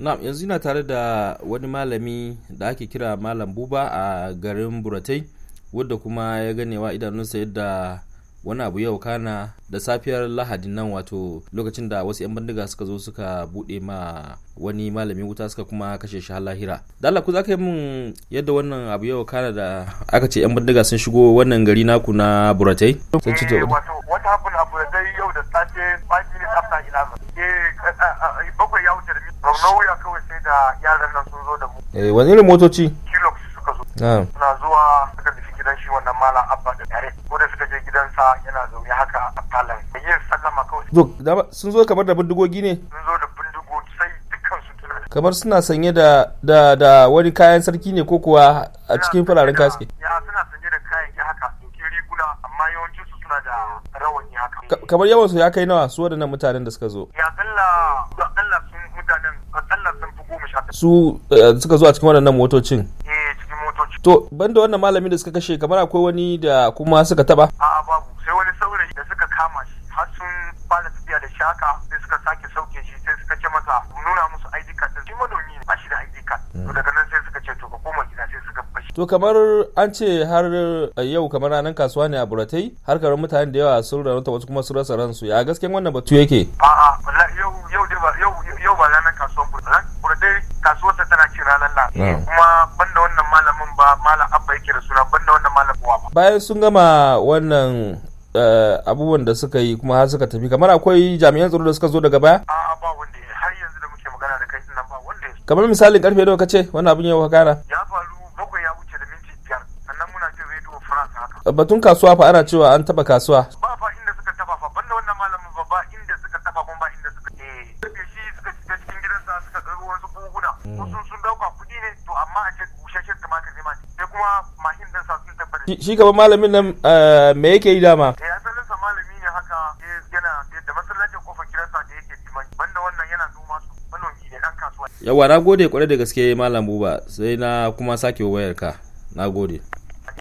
na yanzu yana tare da wani malami da ake kira malam buba a garin buratai wadda kuma ya ganewa idanunsa yadda wani abu yau kana da safiyar lahadin nan wato lokacin da wasu 'yan bandiga suka zo suka bude ma wani malami wuta suka kuma kashe shi har lahira dala ku za ka yi min yadda wannan abu yau kana da aka ce 'yan bandiga sun shigo wannan gari naku na buratai sun ci eh, wato wata abu na buratai yau da safe five minutes after ba zaune wuya kawai sai da yaran nan sun zo da mu eh wani irin motoci kilok suka zo ah. suna zuwa suka tafi gidan shi wannan malam abba da dare. ko da suka je gidansa yana zaune haka a talan da yin sallama kawai sun zo kamar da bindigogi ne sun zo da bindigogi sai dukansu tunani kamar suna sanye da da da wani kayan sarki ne ko kuwa a cikin fararen kaske ya suna sanye da kayan ya haka dokin riguna amma yawancinsu suna da rawani haka kamar yawansu ya kai nawa su waɗannan mutanen da suka zo ya su eh, suka zo a cikin wannan motocin eh, to banda wannan malami da suka kashe kamar akwai wani da kuma suka taba a'a babu sai wani saurayi da suka kama shi har sun fara tafiya da shi haka sai suka sake sauke shi sai suka ce masa nuna musu ID card din shi manomi ne ba shi da ID card hmm. to daga nan sai suka ce to ka koma gida sai suka bashi to kamar an ce har eh, yau kamar ranar kasuwa ne a buratai har karar mutane da yawa sun rarrata wasu kuma sun rasa ransu ya gasken wannan batu yake a'a wallahi yau yau yau yau ba ranar kasuwa kasuwar ta tana kira ranar la kuma banda wannan malamin ba malam abba yake da suna banda wannan malamin ba. bayan sun gama wannan eh, abubuwan da suka yi kuma har suka tafi kamar akwai jami'an tsaro da suka zo daga baya a'a ba wanda har yanzu da muke magana da kai nan ba wanda kamar misalin karfe nawa kace wannan abin ya gana. ya faru bakwai ya wuce da minti biyar sannan muna jin radio france haka batun kasuwa fa ana cewa an taba kasuwa Mm. wasu sun dauka kuɗi ne to amma a ce bushashen tumatir ne ma sai kuma mashin din sa sun tabbata shi gaba malamin nan eh, me yake yi dama eh asalin sa malami ne haka eh, yana eh, da masallacin kofar gidansa da yake timai banda wannan yana noma su manomi ne dan kasuwa yawa na gode kwarai da gaske malam buba sai na kuma sake wayar ka na gode